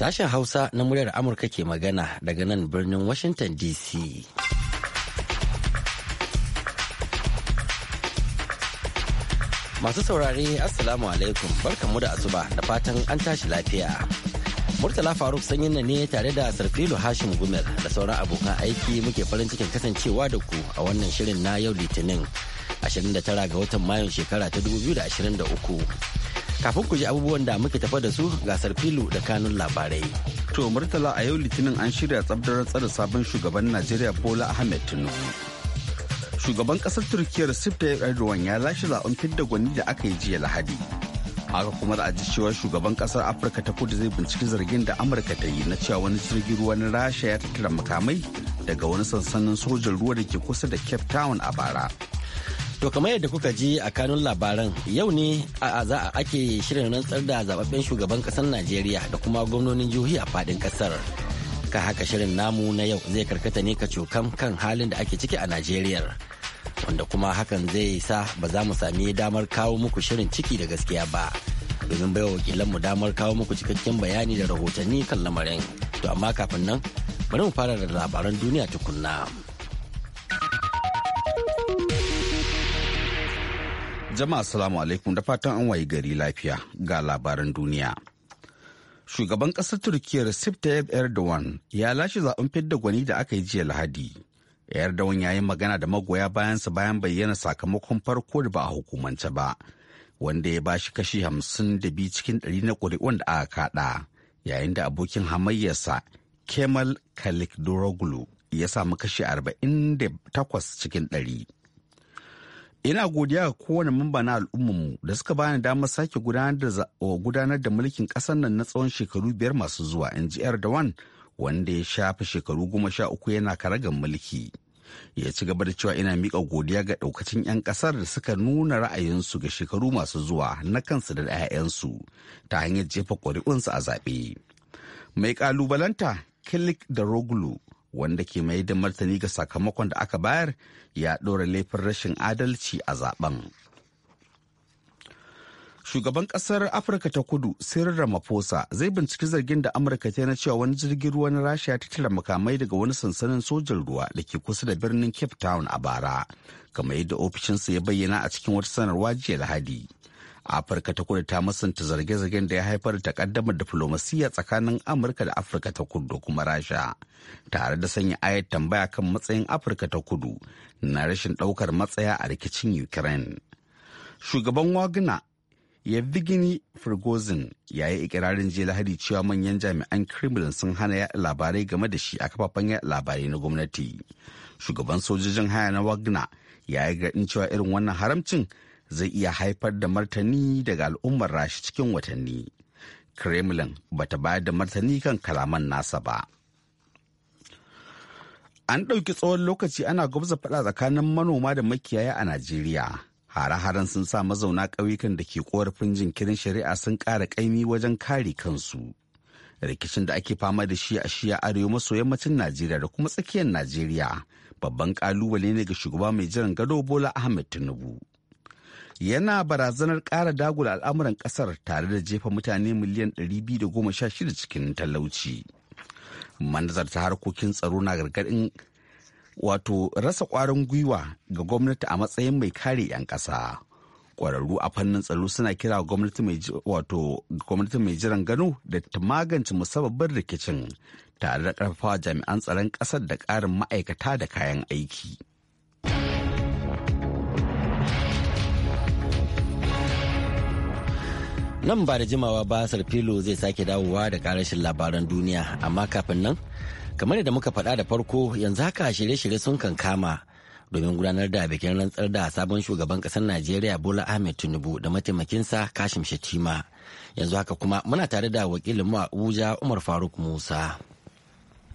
Sashen Hausa na muryar Amurka ke magana daga nan birnin Washington DC. Masu saurare Assalamu alaikum barkanmu da asuba da fatan an tashi lafiya. Murtala Faruk sanyin na ne tare da Sarfilu Hashim Gumel da sauran abokan aiki muke farin cikin kasancewa da ku a wannan shirin na yau Litinin 29 ga watan Mayun shekara ta 2023. kafin ku ji abubuwan da muke tafa da su gasar sarfilu da kanun labarai. To Murtala a yau Litinin an shirya tsabdar tsara sabon shugaban Najeriya Bola Ahmed Tinubu. Shugaban kasar Turkiyya Recep Tayyip Erdogan ya lashe zaben fidda gwani da aka yi jiya Lahadi. Haka kuma da aji cewa shugaban kasar Afirka ta kudu zai binciki zargin da Amurka ta yi na cewa wani jirgin ruwa na Rasha ya tattara makamai daga wani sansanin sojan ruwa da ke kusa da Cape Town a bara. To kamar yadda kuka ji a kanun labaran yau ne a za a ake shirin rantsar da zababben shugaban kasar Najeriya da kuma gwamnonin jihohi a fadin kasar. Ka haka shirin namu na yau zai karkata ne ka cokam kan halin da ake ciki a Najeriya. Wanda kuma hakan zai sa ba za mu sami damar kawo muku shirin ciki da gaskiya ba. Domin baiwa wakilanmu damar kawo muku cikakken bayani da rahotanni kan lamarin. To amma kafin nan bari mu fara da labaran duniya tukunna. Jama'a salamu alaikum da fatan an wayi gari lafiya ga labaran duniya. Shugaban ƙasar Turkiyya Recep Tayyip Erdogan ya lashe zaɓen fidda gwani da aka yi jiya Lahadi. Erdogan ya yi magana da magoya bayansa bayan bayyana sakamakon farko da ba a hukumance ba, wanda ya ba shi kashi hamsin da biyu cikin ɗari na ƙuri'un da aka kaɗa, yayin da abokin hamayyarsa Kemal Kılıçdaroğlu ya samu kashi arba'in da takwas cikin ɗari. ina godiya ga kowane mamba na al'ummanmu da suka bani damar sake gudanar da mulkin ƙasar nan na tsawon shekaru biyar masu zuwa in ji wan wanda ya shafe shekaru goma sha uku yana karagan mulki ya ci gaba da cewa ina miƙa godiya ga ɗaukacin 'yan ƙasar da suka nuna ra'ayinsu ga shekaru masu zuwa na kansu da 'ya'yansu ta hanyar jefa ƙuri'unsu a zaɓe mai ƙalubalanta kilik da roglu wanda ke mai da martani ga sakamakon da aka bayar ya ɗora laifin rashin adalci a zaben. Shugaban ƙasar Afirka ta kudu Cyril Ramaphosa zai binciki zargin da Amurka ta na cewa wani jirgin ruwa na Rasha ta tara makamai daga wani sansanin sojan ruwa da ke kusa da birnin Cape Town a bara, kamar yadda ofishinsa ya bayyana a cikin wata sanarwa jiya Lahadi. afirka ta kudu ta musanta zarge-zargen da ya haifar da takaddamar diflomasiyya tsakanin amurka da afirka ta kudu da kuma rasha tare da sanya ayat tambaya kan matsayin afirka ta kudu na rashin daukar matsaya a rikicin ukraine shugaban wagner yevgeny prigozhin ya yi ikirarin jiya lahadi cewa manyan jami'an kremlin sun hana yaɗa labarai game da shi a kafafen yaɗa labarai na gwamnati shugaban sojojin haya na wagner ya yi gaɗin cewa irin wannan haramcin zai iya haifar da martani daga al'ummar rashi cikin watanni kremlin bata bayar da martani kan kalaman nasa ba an ɗauki tsawon lokaci ana gwabza faɗa tsakanin manoma da makiyaya a najeriya hare-haren sun sa mazauna ƙauyukan da ke korafin jinkirin shari'a sun ƙara ƙaimi wajen kare kansu rikicin da ake fama da shi a shiya arewa maso yammacin najeriya da kuma tsakiyar najeriya babban ƙalubale ne ga shugaba mai jiran gado bola ahmed tinubu yana barazanar ƙara dagula al'amuran ƙasar tare da jefa mutane miliyan 216 cikin talauci. ta harkokin tsaro na gargaɗin wato rasa ƙwarin gwiwa ga gwamnati a matsayin mai kare 'yan ƙasa. Ƙwararru a fannin tsaro suna kira gwamnati mai jiran gano da ta magance musabbabin rikicin tare da ƙarfafa jami'an tsaron ƙasar da ƙarin ma'aikata da kayan aiki. Nan ba da jimawa ba Sarfilo zai sake dawowa da karashin labaran duniya amma kafin nan kamar da muka faɗa da farko yanzu haka shirye-shirye sun kama domin gudanar da bikin rantsar da sabon shugaban ƙasar Najeriya Bola Ahmed Tinubu da mataimakinsa Kashim Shatima. Yanzu haka kuma muna tare da wakilin mu a Abuja Umar Faruk Musa.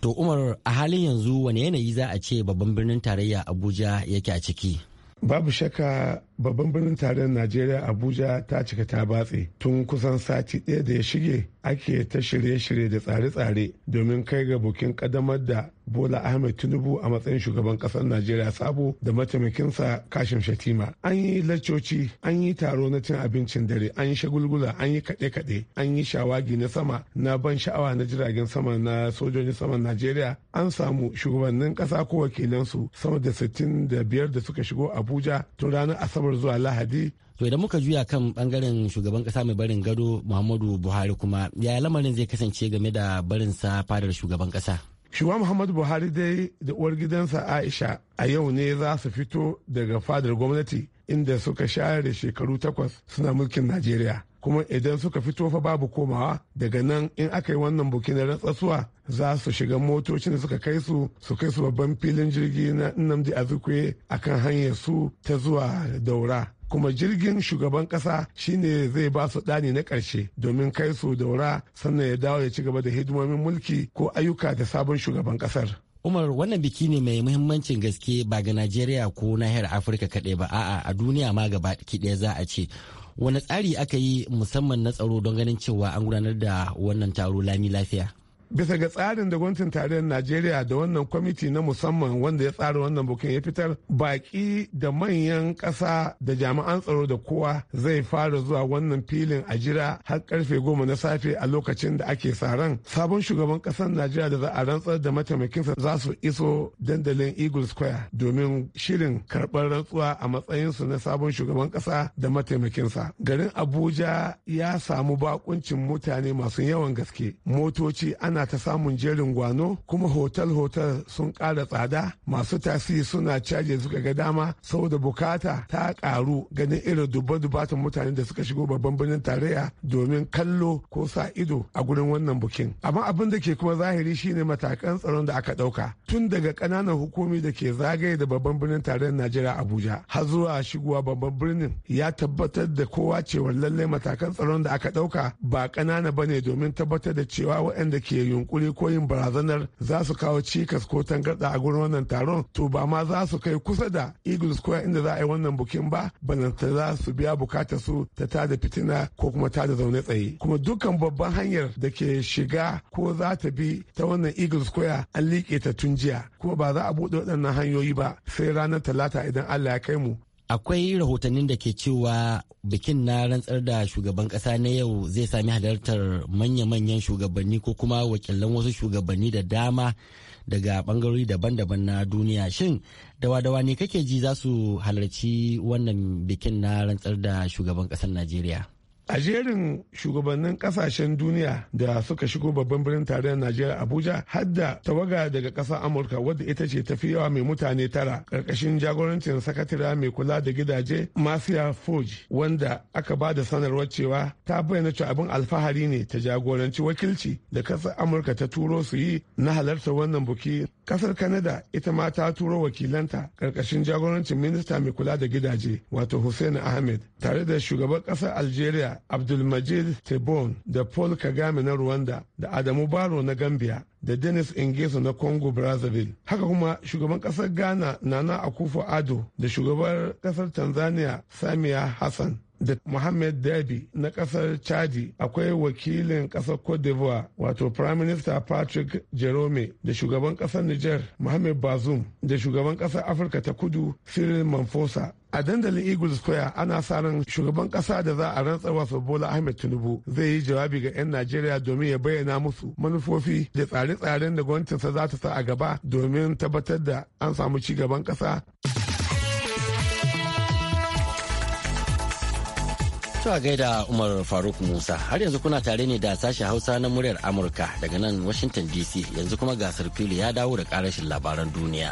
To Umar a halin yanzu wani yanayi za a ce babban birnin tarayya Abuja yake a ciki? babu shakka babban birnin tarayyar najeriya abuja ta cika ta batse tun kusan sati ɗaya da ya shige ake ta shirye-shirye da tsare-tsare domin kai ga bukin kadamar da bola ahmed tinubu a matsayin shugaban kasar najeriya sabo da mataimakinsa kashim shatima an yi laccoci an yi taro na cin abincin dare an yi shagulgula an yi kaɗe-kaɗe an yi shawagi na sama na ban sha'awa na jiragen sama na sojojin saman najeriya an samu shugabannin ƙasa ko wakilansu sama da sittin da biyar da suka shigo abuja tun ranar asabar zuwa lahadi to idan muka juya kan bangaren shugaban kasa mai barin gado muhammadu buhari kuma ya lamarin zai kasance game da barin sa fadar shugaban kasa Shugaban Muhammadu Buhari dai da uwar gidansa Aisha a yau ne za su fito daga fadar gwamnati inda suka share shekaru takwas suna mulkin Najeriya. kuma idan suka fito fa babu komawa daga nan in aka yi wannan buki na rantsasuwa za su shiga motocin da suka kai su su kai su babban filin jirgi na Nnamdi Azikwe akan hanyar su ta zuwa daura kuma jirgin shugaban kasa shine zai ba su ɗani na karshe domin kai su daura sannan ya dawo ya ci gaba da hidimomin mulki ko ayyuka da sabon shugaban kasar. Umar wannan biki ne mai muhimmancin gaske ba ga Najeriya ko nahiyar Afirka kaɗai ba a'a a duniya ma gaba ɗaya za a ce wani tsari aka yi musamman na tsaro don ganin cewa an gudanar da wannan taro lami lafiya bisa ga tsarin da gwamnatin tarayyar najeriya da wannan kwamiti na musamman wanda ya tsara wannan bukin ya fitar baki da manyan ƙasa da jami'an tsaro da kowa zai fara zuwa wannan filin a jira har karfe goma na safe a lokacin da ake sa sabon shugaban ƙasar najeriya da za a rantsar da mataimakinsa za su iso dandalin eagle square domin shirin karɓar rantsuwa a matsayinsu na sabon shugaban ƙasa da mataimakinsa garin abuja ya samu bakuncin mutane masu yawan gaske motoci ana ta samun jerin gwano kuma hotel-hotel sun ƙara tsada masu tasiri suna caje suka ga dama saboda bukata ta ƙaru ganin irin dubban-dubatan mutane da suka shigo babban birnin tarayya domin kallo ko sa ido a gurin wannan bukin amma abin da ke kuma zahiri shine matakan tsaron da aka ɗauka tun daga ƙananan hukumi da ke zagaye da babban birnin tarayyar najeriya abuja har zuwa shigowa babban birnin ya tabbatar da kowa cewa lallai matakan tsaron da aka ɗauka ba kanana bane domin tabbatar da cewa waɗanda ke yunkuri ko yin barazanar za su kawo cikas ko tangarɗa a gurin wannan taron to ba ma za su kai kusa da eagles square inda za a yi wannan bukin ba balanta za su biya bukatar su ta tada fitina ko kuma ta da zaune tsaye kuma dukkan babban hanyar da ke shiga ko za ta bi ta wannan eagles square an liƙe ta tun jiya kuma ba za a buɗe waɗannan hanyoyi ba sai ranar talata idan allah ya kai mu akwai rahotannin da ke cewa bikin na rantsar da shugaban kasa na yau zai sami halartar manya-manyan shugabanni ko kuma wakilan wasu shugabanni da dama daga bangarori daban-daban na duniya shin dawa-dawa ne kake ji za su halarci wannan bikin na rantsar da shugaban kasar najeriya a jerin shugabannin kasashen duniya da suka shigo babban birnin tarayyar najeriya abuja hadda tawaga daga ƙasar amurka wadda ita ce tafi yawa mai mutane tara ƙarƙashin jagorancin sakatira mai kula da gidaje masiya foj wanda aka ba da sanarwar cewa ta bayyana cewa abin alfahari ne ta jagoranci wakilci da ƙasar amurka ta turo su yi na halartar wannan buki kasar canada ita ma ta turo wakilanta karkashin jagorancin minista mai kula da gidaje wato hussein ahmed tare da shugaban kasar algeria abdulmajid tebon da paul kagame na rwanda da adamu baro na gambia da Dennis Ingeso na Congo Brazzaville. Haka kuma shugaban kasar Ghana Nana Akufo Ado da shugaban kasar Tanzania Samiya Hassan da Mohamed Dabi na kasar Chadi akwai wakilin kasar Cote d'Ivoire wato Prime Minister Patrick Jerome da shugaban kasar Niger Mohamed Bazoum da shugaban kasar Afirka ta Kudu Cyril Mamfosa a dandalin Eagles square ana sa ran shugaban kasa da za a rantsar wasu bola ahmed tinubu zai yi jawabi ga 'yan najeriya domin ya bayyana musu manufofi da tsare-tsaren da gwamnatinsa za ta sa a gaba domin tabbatar da an samu ci gaban kasa To a gaida Umar Faruk Musa har yanzu kuna tare ne da sashi Hausa na muryar Amurka daga nan Washington DC yanzu kuma gasar fili ya dawo da karashin labaran duniya.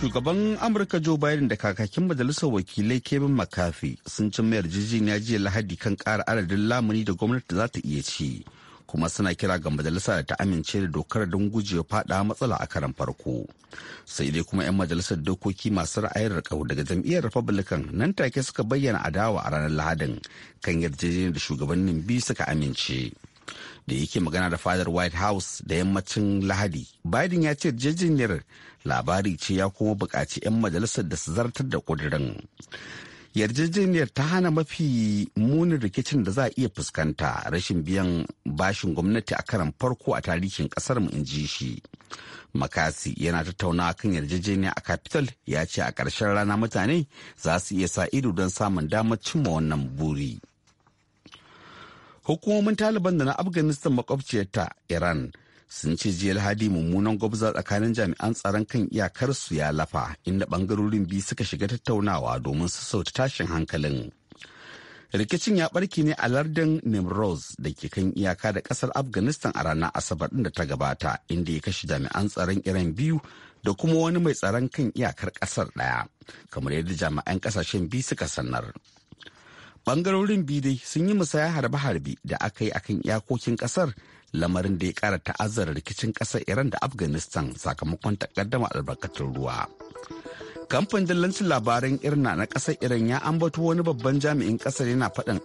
Shugaban Amurka Joe Biden da kakakin majalisar wakilai Kevin McCarthy sun cin mayar jijiniya jiya Lahadi kan ƙara adadin lamuni da gwamnati za ta iya ci. kuma suna kira ga majalisa da ta amince da dokar don gujewa faɗa matsala a karan farko sai dai kuma 'yan majalisar dokoki masu ra'ayin rikau daga jam'iyyar republican nan take suka bayyana adawa a ranar lahadin kan yarjejeniyar da shugabannin biyu suka amince da yake magana da fadar white house da yammacin lahadi biden ya ce yarjejeniyar labari ce ya kuma buƙaci 'yan majalisar da su zartar da ƙudurin yarjejeniyar ta hana mafi munin rikicin da za a iya fuskanta rashin biyan bashin gwamnati a karan farko a tarihin kasar mu inji shi makasi yana tattaunawa kan yarjejeniya a capital ya ce a ƙarshen rana mutane za su iya sa ido don samun damar cimma wannan buri hukumomin taliban da na afghanistan makwabciyarta iran sun ce jiya lahadi mummunan gwabza tsakanin jami'an tsaron kan iyakar su ya lafa inda bangarorin biyu suka shiga tattaunawa domin su sauta tashin hankalin rikicin ya barke ne a lardin nimrose da ke kan iyaka da kasar afghanistan a ranar asabar da ta gabata inda ya kashe jami'an tsaron iran biyu da kuma wani mai tsaron kan iyakar kasar daya kamar yadda jami'an kasashen biyu suka sanar bangarorin biyu dai sun yi musaya harbe-harbe da aka yi akan iyakokin kasar lamarin da ya kara ta'azzara rikicin ƙasar iran da afghanistan sakamakon takaddama albarkatun ruwa kamfanin dillancin labaran irna na ƙasar iran ya ambato wani babban jami'in ƙasar yana faɗin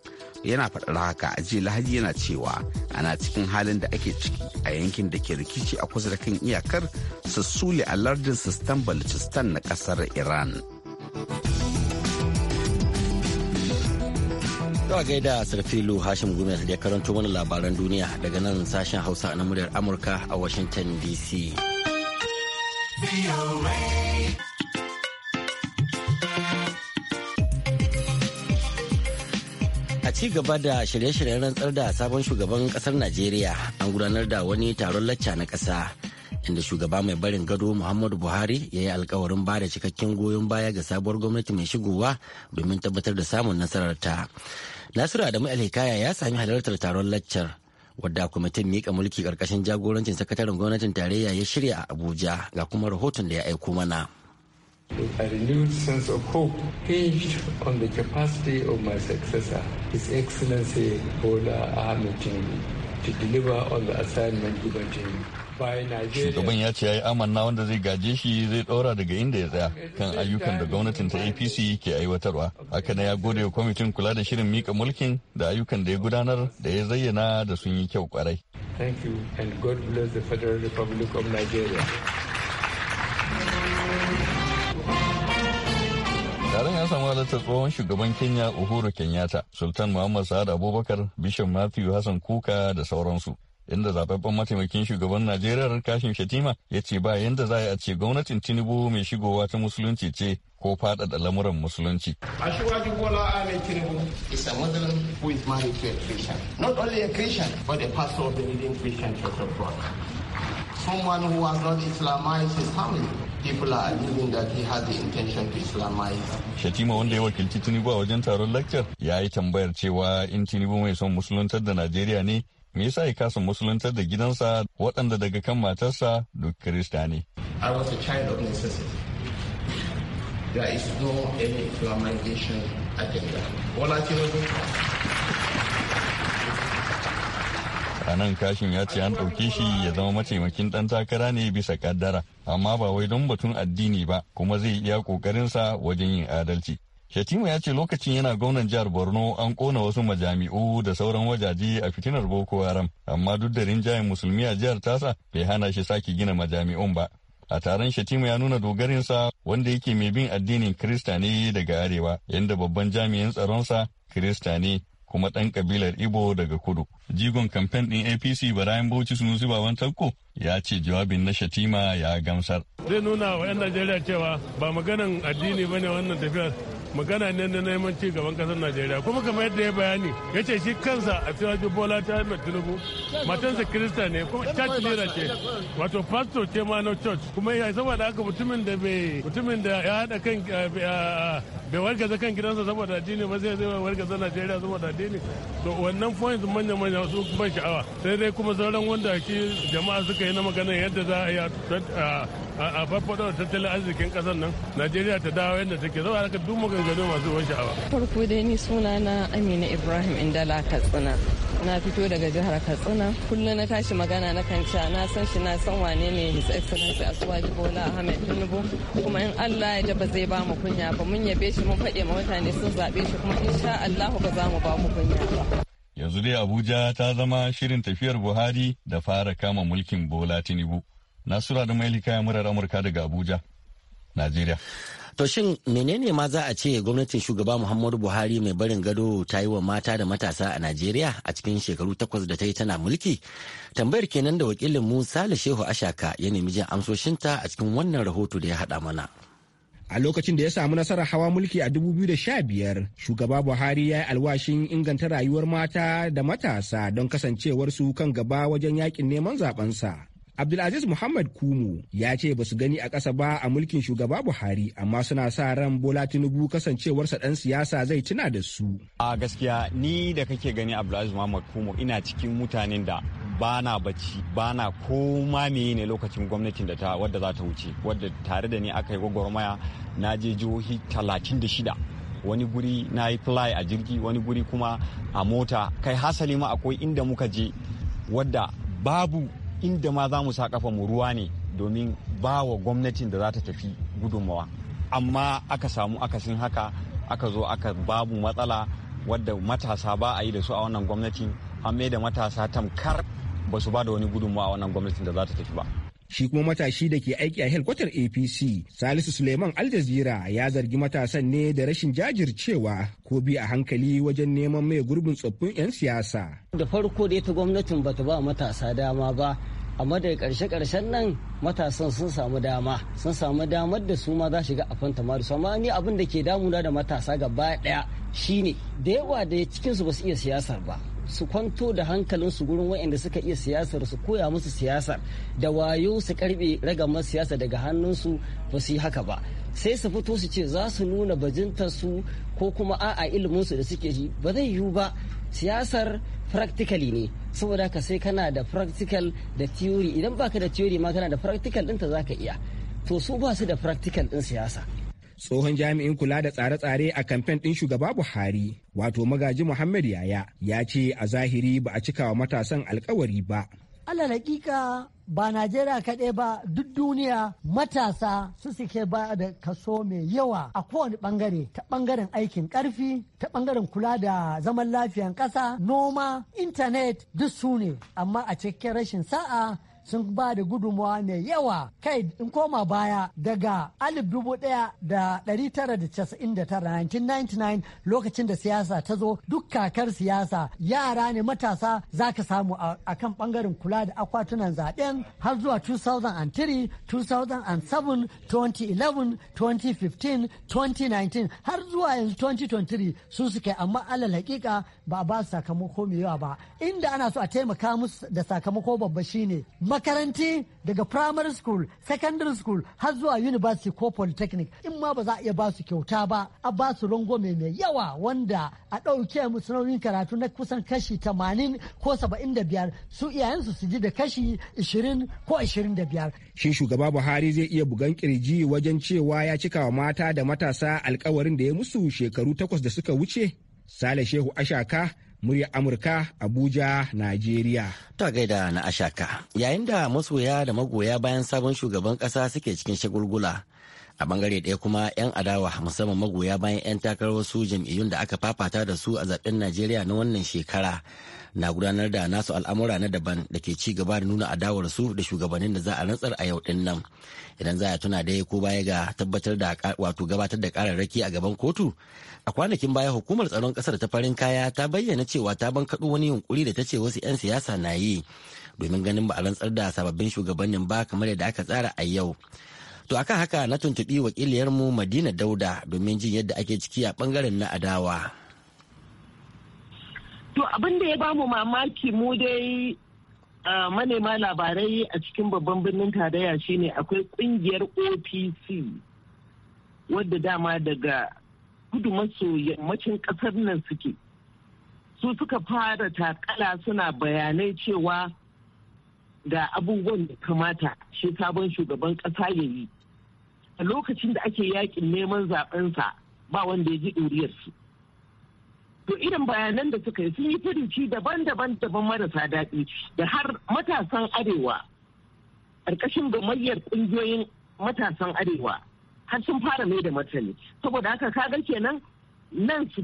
yana faɗar haka a jiya lahadi yana cewa ana cikin halin da ake ciki a yankin da ke rikici a kusa da kan iyakar sassuli a lardin sistan balochistan na ƙasar iran Zuwa gaida Sarfilu Hashim Gumel da karanto mana labaran duniya daga nan sashen Hausa na muryar Amurka a Washington DC. A ci gaba da shirye-shiryen rantsar da sabon shugaban kasar Najeriya an gudanar da wani taron lacca na ƙasa. inda shugaba mai barin gado muhammadu buhari ya yi alkawarin ba da cikakken goyon baya ga sabuwar gwamnati mai shigowa domin tabbatar da samun nasarar ta nasiru adamu alhikaya ya sami halartar taron laccar wadda kwamitin miƙa mulki ƙarƙashin jagorancin sakataren gwamnatin tarayya ya shirya a abuja ga kuma rahoton da ya aiko mana a renewed sense of hope hinged on the capacity of my successor, His Excellency Bola Ahmed to deliver on the assignment given to him. Shugaban ya ce ya yi amanna wanda zai gaje shi zai ɗora daga inda ya tsaya kan ayyukan da gwamnatin ta APC ke aiwatarwa. Haka na ya gode wa kwamitin kula da shirin mika mulkin da ayyukan da ya gudanar da ya zayyana da sun yi kyau kwarai. taron ya samu halartar tsohon shugaban kenya uhuru kenyatta sultan muhammad sa'ad abubakar bishop matthew hassan kuka da sauransu inda zababben mataimakin shugaban Najeriya Kashim Shatima ya ce ba yanda za a ce gwamnatin Tinubu mai shigowa ta musulunci ce ko faɗaɗa lamuran musulunci. wajen Ashwaji Bola Ahmed Tinubu is a Muslim who is married to a Christian. Not only a Christian, but a pastor of the leading Christian church of God. Someone who has not Islamized his family. people are believing that he has the intention to Islamize. Shatima wanda ya wakilci Tinubu a wajen taron lecture ya yi tambayar cewa in Tinubu mai son musuluntar da Najeriya ne me yasa ya kasa musuluntar da gidansa waɗanda daga kan matarsa duk kirista ne. I was a child of necessity. There is no any agenda. Wala a nan kashin ya ce an ɗauke shi ya zama mataimakin ɗan takara ne bisa ƙaddara amma ba wai don batun addini ba kuma zai iya ƙoƙarinsa wajen yin adalci Shatima ya ce lokacin yana gwamnan jihar Borno an kona wasu majami'u da sauran wajaje a fitinar Boko Haram, amma duk da rinjayen musulmi a jihar tasa bai hana shi sake gina majami'un ba. A taron Shatima ya nuna dogarinsa wanda yake mai bin addinin Kirista ne daga arewa, yadda babban jami'in tsaronsa Kirista ne kuma ɗan kabilar Ibo daga kudu. Jigon kamfen ɗin APC Barayin Bauchi Sunusi Baban Tanko ya ce jawabin na shatima ya gamsar. Zai nuna wa 'yan Najeriya cewa ba maganan addini ba ne wannan tafiyar magana ne na neman ci gaban kasar Najeriya kuma kamar yadda ya bayani ya ce shi kansa a Tinubu Bola ta Ahmed Tinubu matansa Kirista ne kuma church leader ce wato pastor ce ma na church kuma ya saboda haka mutumin da bai mutumin da ya hada kan eh, eh, bai wargaza kan gidansa saboda addini ba zai zai wargaza Najeriya saboda addini to wannan point manya manya su ban sha'awa sai dai kuma sauran wanda shi jama'a suka yi na magana yadda za a a farfado da tattalin arzikin kasar nan najeriya ta dawo yadda take zama haka duk maganganu masu ban sha'awa farko dai ni suna na amina ibrahim indala katsina na fito daga jihar katsina kullum na tashi magana na kanca na san shi na san wane ne his excellency asuwaji bola ahmed tinubu kuma in allah ya ba zai ba mu kunya ba mun yabe shi mun faɗe ma mutane sun zaɓe shi kuma insha allahu ba za mu ba mu kunya ba yanzu dai abuja ta zama shirin tafiyar buhari da fara kama mulkin bola tinubu nasura da mai ya murar amurka daga abuja najeriya To shin menene ma za a ce gwamnatin shugaba Muhammadu Buhari mai barin gado ta yi wa mata da matasa a Najeriya a cikin shekaru takwas da ta yi tana mulki? Tambayar kenan da wakilin Musa Shehu Ashaka ya nemi jin amsoshinta a cikin wannan rahoto da ya haɗa mana. a lokacin da ya samu nasarar hawa mulki a 2015 shugaba buhari ya yi alwashin inganta rayuwar mata da matasa don kasancewarsu kan gaba wajen yakin neman zabensa Abdulaziz Muhammad Kumu ya ce ba su gani a ƙasa ba a mulkin shugaba Buhari amma suna sa ran Bola Tinubu kasancewarsa ɗan siyasa zai tuna da su. A gaskiya ni da kake gani Abdulaziz Muhammad Kumu ina cikin mutanen da ba na bacci ba na koma meye ne lokacin gwamnatin da ta wadda za ta wuce wadda tare da ni aka yi gwagwarmaya na je jihohi talatin da shida wani guri na yi fly a jirgi wani guri kuma a mota kai hasali ma akwai inda muka je wadda babu inda ma za mu sa kafa mu ruwa ne domin ba wa gwamnatin da za ta tafi gudunmawa amma aka samu akasin haka aka zo aka babu matsala wadda matasa ba a yi da su a wannan gwamnatin an mai da matasa tamkar ba su ba da wani gudunmawa a wannan gwamnatin da za ta tafi ba Shi kuma matashi da ke aiki a helkwatar APC, Salisu Suleiman Aljazira ya zargi matasan ne da rashin jajircewa ko bi a hankali wajen neman mai gurbin tsoffin 'yan siyasa. Da farko da ita gwamnatin bata ba matasa dama ba, amma daga karshe-karshen nan matasan sun samu dama sun samu damar da su ma za shiga a fanta maru amma ni abin da ke damuna da matasa gaba daya shine da yawa da cikin su basu iya siyasar ba su kwanto da su gurin waɗanda suka iya siyasar su koya musu siyasar da wayo su karbe ragamar siyasa daga hannunsu ba su yi haka ba sai su fito su ce za su nuna su ko kuma a'a iliminsu da suke ji ba zai yiwu ba siyasar practically ne saboda haka sai kana da practical da theory idan baka da theory ma kana da practical ɗinta zaka iya to su ba su da practical ɗin siyasa tsohon jami'in kula da tsare-tsare a kamfen ɗin shugaba buhari wato magaji muhammad yaya ya ce a zahiri ba a cikawa matasan alkawari ba Allah hakika ba Najeriya kaɗai ba duk duniya matasa su suke ba da kaso mai yawa a kowane ɓangare ta ɓangaren aikin ƙarfi ta ɓangaren kula da zaman lafiyan ƙasa noma intanet duk su ne amma a cikin rashin sa'a sun ba da gudunmawa mai yawa kai in koma baya daga 1999 lokacin da siyasa ta zo duk kakar siyasa yara ne matasa za ka samu a kan bangaren kula da akwatunan zaben har zuwa 2003 2007 2011 2015 2019 har zuwa yanzu 2023 su suke amma alal hakika ba a ba sakamako mai yawa ba inda ana so a taimaka musu da sakamako babba shine makaranti daga primary school secondary school har zuwa university ko polytechnic in ma ba za a iya ba su kyauta ba a ba su rango mai yawa wanda a ɗauke musu nauyin karatu na kusan kashi 80 ko 75 su iyayensu su ji da kashi 20 ko 25 shin shugaba buhari zai iya bugan kirji wajen cewa ya cika wa mata da matasa alkawarin da ya musu shekaru takwas da suka wuce sale shehu ashaka murya Amurka Abuja, Najeriya. Ta gaida na Ashaka. Yayin da masoya da magoya bayan sabon shugaban kasa suke cikin shagulgula. A bangare ɗaya kuma 'yan adawa musamman magoya bayan 'yan takarar wasu jam'iyyun da aka fafata da su a zaben Najeriya na wannan shekara na gudanar da nasu al'amura na daban da ke ci gaba da nuna adawar su da shugabannin da za a rantsar a yau din nan idan za a tuna dai ko baya ga tabbatar da wato gabatar da kararraki a gaban kotu a kwanakin baya hukumar tsaron kasar ta farin kaya ta bayyana cewa ta bankaɗo wani yunkuri da ta ce wasu 'yan siyasa na yi domin ganin ba a rantsar da sababbin shugabannin ba kamar yadda aka tsara a yau To akan haka na tuntuɓi wakiliyarmu Madina Dauda domin jin yadda ake ciki a ɓangaren na adawa. To abin da ya bamu mamaki mu dai manema labarai a cikin babban birnin tarayya shine akwai kungiyar OPC wadda dama daga kudu maso yammacin kasar nan suke. Su suka fara takala suna bayanai cewa ga abubuwan da kamata shi sabon shugaban kasa ya yi. A lokacin da ake yakin neman zaɓensa ba wanda ya ji ɗuriyarsu. to irin bayanan da suka yi sun yi furuci daban-daban daban marasa daɗi da har matasan arewa ƙarƙashin gamayyar ƙungiyoyin matasan arewa har sun fara mai da martani saboda haka kaga kenan nan su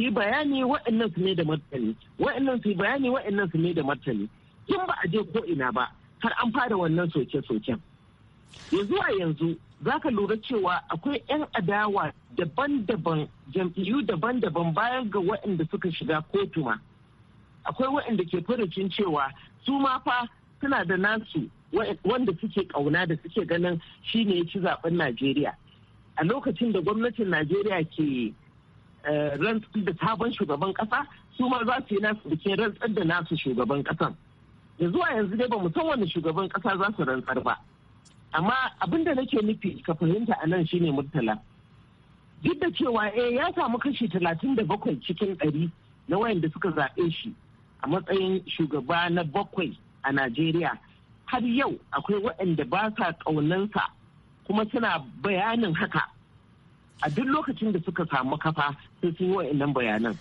yi bayani waɗannan su ne da martani waɗannan su yi bayani waɗannan su mai da martani kin ba a je ko ina ba har an fara wannan soke-soken yanzu a yanzu za ka lura cewa akwai 'yan adawa daban-daban jam'iyyu daban-daban bayan ga waɗanda suka shiga kotu ma akwai waɗanda ke furucin cewa su ma fa suna da nasu wanda suke ƙauna da suke ganin shi ne ya ci zaben najeriya a lokacin da gwamnatin najeriya ke eh, rantsar da sabon shugaban ƙasa su ma za su yi nasu da ke rantsar da nasu shugaban ƙasan yanzu a yanzu dai ba mu san wani shugaban ƙasa za su rantsar ba amma abin da nake nufi ka fahimta a nan shine murtala duk da cewa eh ya samu kashi talatin da bakwai cikin ɗari na wayanda suka zaɓe shi a matsayin shugaba na bakwai a najeriya har yau akwai waɗanda ba sa ƙaunansa kuma suna bayanin haka a duk lokacin da suka samu kafa sai sun yi wayannan bayanan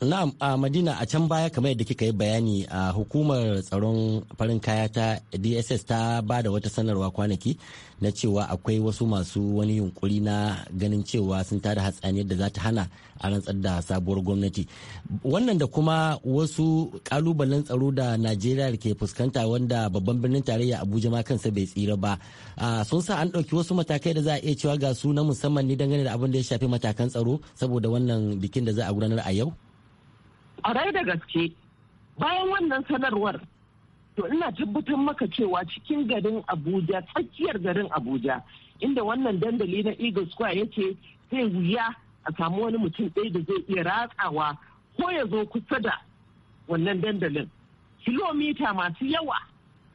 Na'am a Madina a can baya kamar yadda kika yi bayani a hukumar tsaron farin kaya ta DSS ta ba da wata sanarwa kwanaki na cewa akwai wasu masu wani yunkuri na ganin cewa sun tada hatsaniyar da za ta hana a rantsar da sabuwar gwamnati. Wannan da kuma wasu kalubalen tsaro da Najeriya ke fuskanta wanda babban birnin tarayya Abuja ma kansa bai tsira ba. Sun sa an ɗauki wasu matakai da za a iya cewa ga su na musamman ne dangane da abin da ya shafi matakan tsaro saboda wannan bikin da za a gudanar a yau. kwarai da gaske bayan wannan sanarwar to ina tabbatar maka cewa cikin garin abuja tsakiyar garin abuja inda wannan dandali na eagle square yake zai wuya a samu wani mutum ɗaya da zai iya ratsawa ko ya zo kusa da wannan dandalin kilomita masu yawa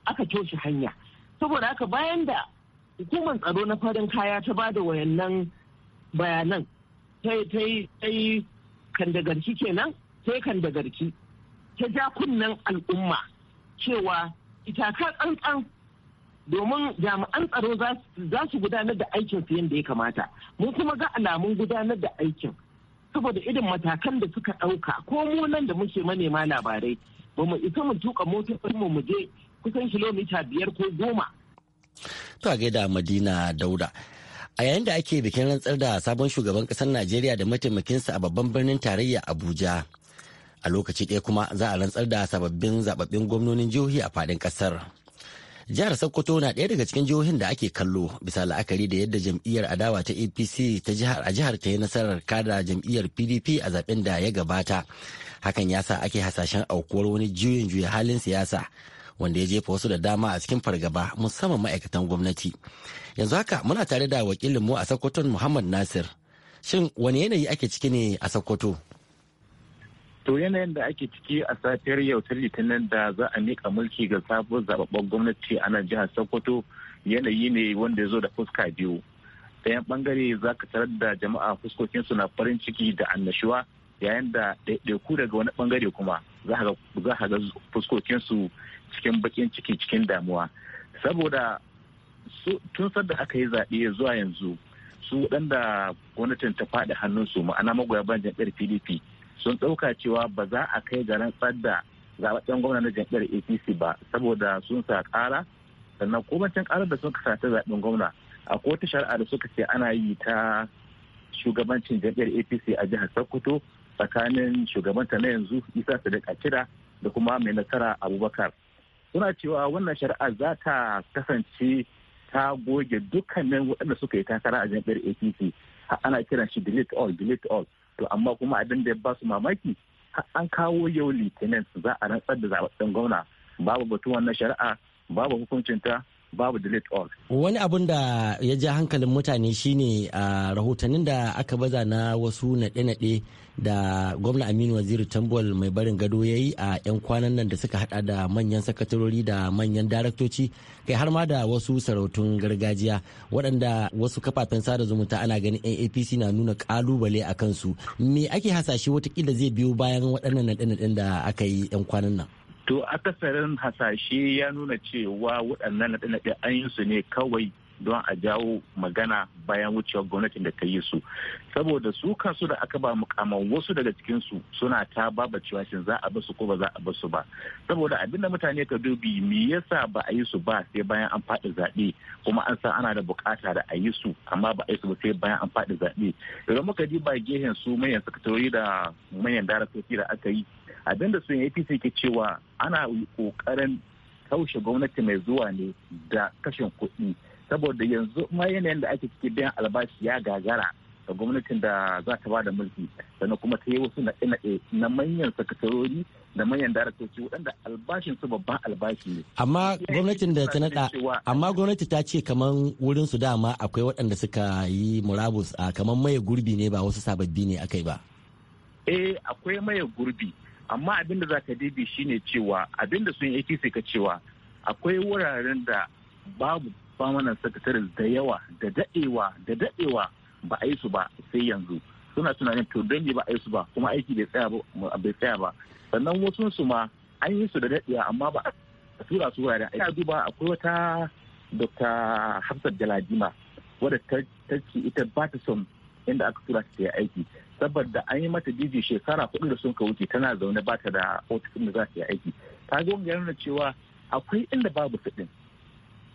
aka toshe hanya saboda haka bayan da hukumar tsaro na farin kaya ta ba da wayannan bayanan ta yi kandagarki kenan sai kan da garki ta ja kunnen al'umma cewa itaka tsantsan domin jami'an tsaro za su gudanar da aikin su yadda ya kamata mun kuma ga alamun gudanar da aikin saboda irin matakan da suka ɗauka ko mu nan da muke manema labarai ba mu isa mu tuka motocinmu mu je kusan kilomita biyar ko goma. Ta gaida Madina Dauda. A yayin da ake bikin rantsar da sabon shugaban ƙasar Najeriya da mataimakinsa a babban birnin tarayya Abuja, a lokaci ɗaya kuma za a rantsar da sababbin zababbin gwamnonin jihohi a faɗin ƙasar jihar sokoto na ɗaya daga cikin jihohin da ake kallo bisa la'akari da yadda jam'iyyar adawa ta apc ta jihar a jihar ta yi nasarar kada jam'iyyar pdp a zaben da ya gabata hakan ya sa ake hasashen aukuwar wani juyin juya halin siyasa wanda ya jefa wasu da dama a cikin fargaba musamman ma'aikatan gwamnati yanzu haka muna tare da wakilinmu a sokoton muhammad nasir shin wani yanayi ake ciki ne a sokoto To yanayin da ake ciki a safiyar yau ta litinin da za a nika mulki ga sabuwar zababben gwamnati a nan jihar Sokoto yanayi ne wanda ya zo da fuska biyu. Ɗayan bangare za ka tarar da jama'a fuskokinsu na farin ciki da annashuwa yayin da ɗaiɗaiku daga wani bangare kuma za ka ga fuskokinsu cikin baƙin ciki cikin damuwa. Saboda tun sadda aka yi zaɓe zuwa yanzu su waɗanda gwamnatin ta faɗi hannunsu ma'ana magoya bayan jam'iyyar PDP sun ɗauka cewa ba za a kai ga tsada da zaɓaɓɓen gwamna na jam'iyyar apc ba saboda sun sa kara? sannan kuma can karar da suka sata zaɓen gwamna a kotu shari'a da suka ce ana yi ta shugabancin jam'iyyar apc a jihar sokoto tsakanin shugabanta na yanzu isa sadiq akira da kuma mai nasara abubakar suna cewa wannan shari'a za ta kasance ta goge dukkanin waɗanda suka yi takara a jam'iyyar apc ana kiran shi delete all delete all to amma kuma abin da ya ba su mamaki an kawo yau litinin za a rantsar da zaɓaɓɓen gwamna babu batun wannan shari'a babu hukuncinta babu delete all wani abun da ya ja hankalin mutane shine a rahotannin da aka baza na wasu naɗe-naɗe da gwamna aminu waziri tambol mai barin gado ya yi a 'yan kwanan nan da suka hada da manyan sakatarori da manyan daraktoci kai har ma da wasu sarautun gargajiya waɗanda wasu kafafen sada zumunta ana ganin apc na nuna ƙalubale a kansu me ake hasashe watakila zai biyo bayan waɗannan naɗe-naɗen da aka yi 'yan kwanan nan to akasarin hasashe ya nuna cewa waɗannan naɗe-naɗe an yi su ne kawai don a jawo magana bayan wucewar gwamnatin da ta yi su saboda su kansu da aka ba mukamman wasu daga cikinsu suna ta baba cewa shin za a basu ko ba za a basu ba saboda abin da mutane ka dubi me yasa ba a yi su ba sai bayan an faɗi zaɓe kuma an san ana da bukata da a yi su amma ba a yi su ba sai bayan an faɗi zaɓe idan muka ba gehen su manyan sakatori da manyan darasoci da aka yi abin da sun apc ke cewa ana kokarin kaushe gwamnati mai zuwa ne da kashin kuɗi saboda yanzu ma yanayin da ake ciki biyan albashi ya gagara da gwamnatin da za ta ba da mulki sannan kuma ta yi wasu naɗe-naɗe na manyan sakatarori da manyan daraktoci waɗanda albashin su babban albashi ne. Amma gwamnatin da ta naɗa amma gwamnati ta ce kamar wurin su dama akwai waɗanda suka yi murabus a kamar maye gurbi ne ba wasu sababbi ne akai ba. Eh akwai maye gurbi amma abin da za ka dibi shine cewa abin da sun apc ka cewa akwai wuraren da babu famanan sakatare da yawa da daɗewa da daɗewa ba a yi su ba sai yanzu suna tunanin to don ba a yi su ba kuma aiki bai tsaya ba sannan wasu su ma an yi su da daɗewa amma ba a tura su wuraren aiki duba akwai wata dr hafsat jaladima wadda ta ce ita ba ta son inda aka tura ta aiki saboda an yi mata biji shekara kuɗin da sun ka wuce tana zaune ba ta da ofisin da za ta yi aiki ta ga wanda yana cewa akwai inda babu din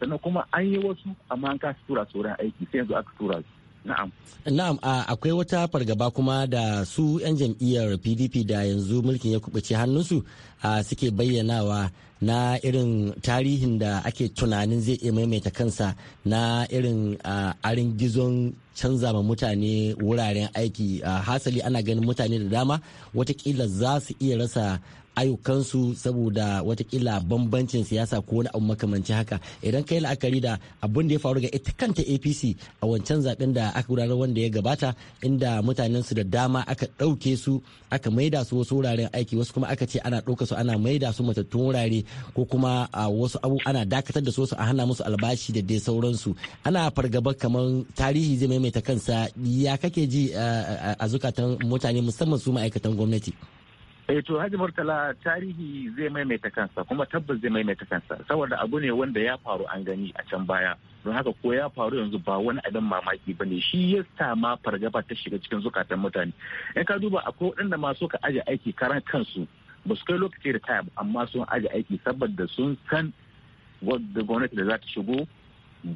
sannan kuma an yi wasu amma an kasa tura su wurin aiki sai yanzu aka tura su Na'am. Na'am akwai wata fargaba kuma da su 'yan jam'iyyar PDP da yanzu mulkin ya kubuce hannunsu suke bayyanawa na irin tarihin da ake tunanin zai iya maimaita kansa na irin arin gizon canza ma mutane wuraren aiki a hasali ana ganin mutane da dama watakila za su iya rasa ayyukansu saboda watakila bambancin siyasa ko wani abu makamanci haka idan kai la'akari da abin da ya faru ga ita kanta apc a wancan zaben da aka gudanar wanda ya gabata inda mutanen su da dama aka ɗauke su aka maida su wasu wuraren aiki wasu kuma aka ce ana ɗauka su ana maida su matattun wurare ko kuma wasu abu ana dakatar da su a hana musu albashi da dai sauransu ana fargabar kamar tarihi zai maimaita ta kansa ya kake ji a zukatan mutane musamman su ma'aikatan gwamnati eh to Haji Murtala tarihi zai maimaita kansa kuma tabbas zai maimaita kansa saboda abu ne wanda ya faru an gani a can baya don haka ko ya faru yanzu ba wani abin mamaki bane shi ya ma fargaba ta shiga cikin zukatan mutane in ka duba akwai waɗanda ma ka aje aiki karan kansu ba su kai lokaci da taya amma sun aje aiki saboda sun san gwamnati da za ta shigo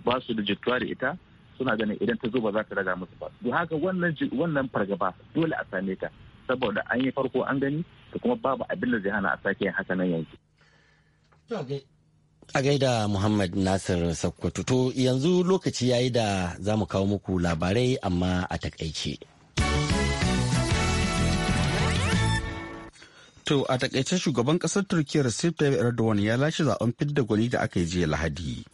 ba su da jituwa da ita suna ganin idan ta zo ba za ta raga musu ba don haka wannan wannan fargaba dole a same ta saboda an yi farko an gani da kuma babu abin da zai hana a sake yin haka nan yanzu a gaida muhammad nasir sakkwato to yanzu lokaci yayi da za mu kawo muku labarai amma a takaice To a takaice shugaban kasar Turkiyya Recep Tayyip Erdogan ya lashe zaben fidda gwani da aka yi jiya Lahadi.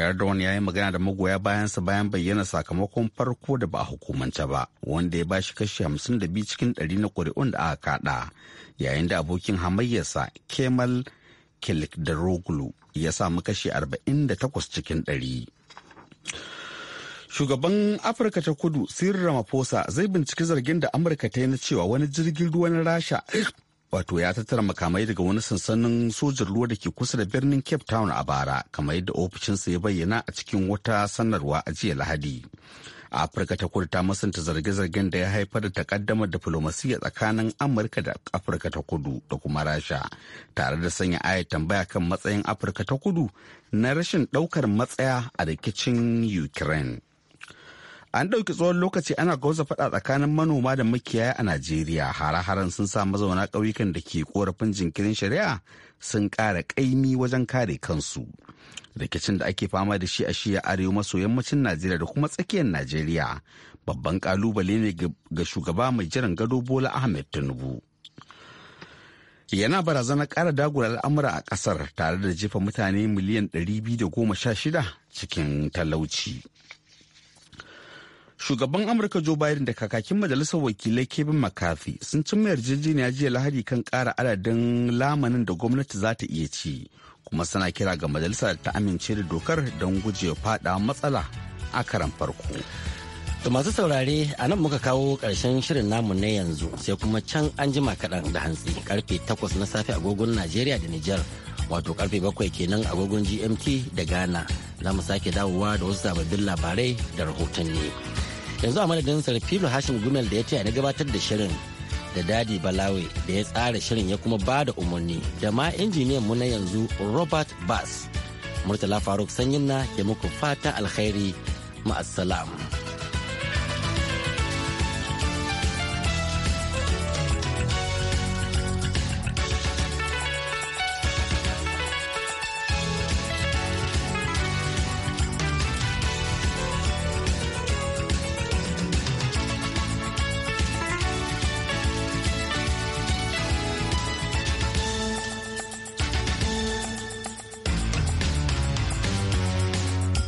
Erdogan ya yi magana da magoya bayansa bayan bayyana sakamakon farko da ba a hukumance ba, wanda ya bashi kashi 52 cikin ɗari na ƙuri'un da aka kaɗa, yayin da abokin hamayyarsa Kemal Kilikdaroglu ya samu kashi takwas cikin ɗari Shugaban Afirka ta Kudu sirra Ramaphosa zai binciki zargin da Amurka ta yi na cewa wani jirgin ruwan Rasha wato ya tattara makamai daga wani sansanin sojan ruwa da ke kusa da birnin cape town a bara kamar yadda ofishinsa ya bayyana a cikin wata sanarwa a jiya lahadi afirka ta kudu ta musanta zarge-zargen da ya haifar da takaddamar diflomasiyya tsakanin amurka da afirka ta kudu da kuma rasha tare da sanya aya tambaya kan matsayin afirka ta kudu na rashin daukar matsaya a rikicin ukraine An ɗauki tsawon lokaci ana gauza faɗa tsakanin manoma da makiyaya a Najeriya. Hare-haren sun sa mazauna ƙauyukan da ke korafin jinkirin shari'a sun ƙara ƙaimi wajen kare kansu. Rikicin da ake fama da shi a shiya arewa maso yammacin Najeriya da kuma tsakiyar Najeriya babban ƙalubale ne ga shugaba mai jiran gado Bola Ahmed Tinubu. yana barazanar ƙara dagula al'amura a ƙasar tare da jefa mutane miliyan 216 cikin talauci. Shugaban Amurka Joe Biden da kakakin majalisar wakilai Kevin McCarthy sun cimma yarjejeniya jiya Lahadi kan kara adadin lamanin da gwamnati za ta iya ci, kuma suna kira ga majalisa ta amince da dokar don gujewa fada matsala a karan farko. To masu saurare a nan muka kawo karshen shirin namu na yanzu sai kuma can an jima kaɗan da hantsi karfe takwas na safe agogon Najeriya da Nijar wato karfe bakwai kenan agogon GMT da Ghana za mu sake dawowa da wasu sababbin labarai da rahotanni. yanzu a madadin sarfilu hashim gumel da ya taya na gabatar da shirin da dadi balawe da ya tsara shirin ya kuma ba da umarni da ma injiniyan mu na yanzu robert bass murtala faruk sanyin na ke muku fata alkhairi ma'assalam.